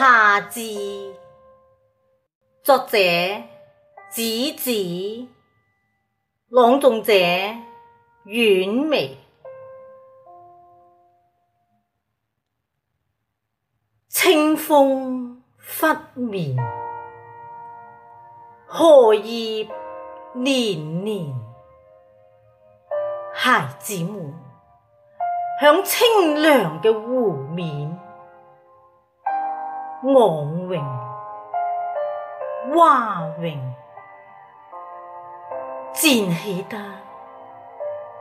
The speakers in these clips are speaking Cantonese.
夏至，作者子子，朗誦者婉微。清風拂面，荷葉年年，孩子們響清涼嘅湖面。昂泳，蛙泳，濺起的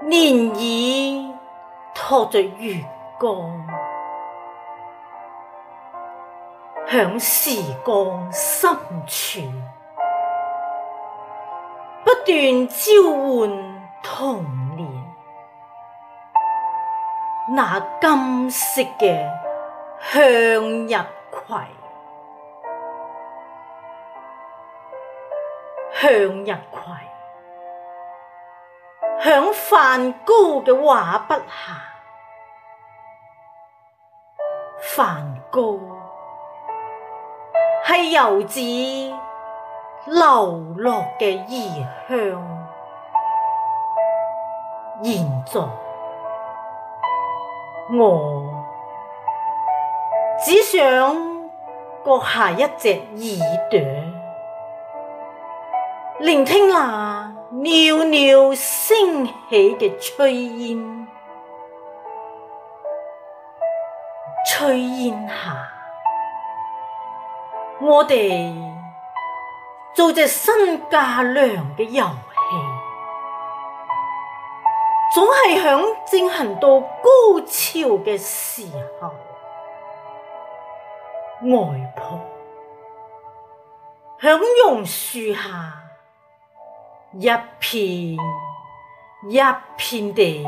漣漪托着月光，響時光深處，不斷召喚童年。那金色嘅向日葵。向日葵響梵高嘅畫筆下，梵高係遊子流落嘅異鄉，現在我只想割下一隻耳朵。聆聽那裊裊升起嘅炊煙，炊煙下，我哋做隻新嫁娘嘅遊戲，總係響正行到高潮嘅時候，外婆響榕樹下。一片一片地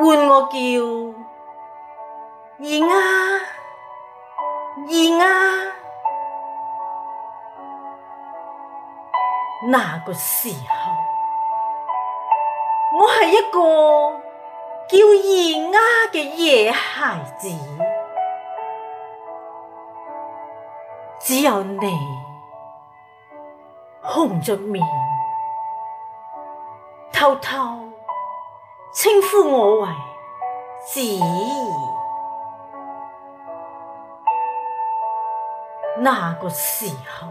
喚我叫二丫二丫，那個時候我係一個叫二丫嘅野孩子，只有你紅著面。偷偷稱呼我為子怡，那個時候，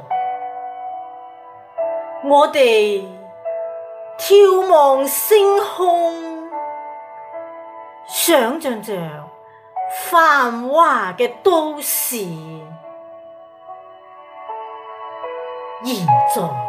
我哋眺望星空，想象着繁華嘅都市現在。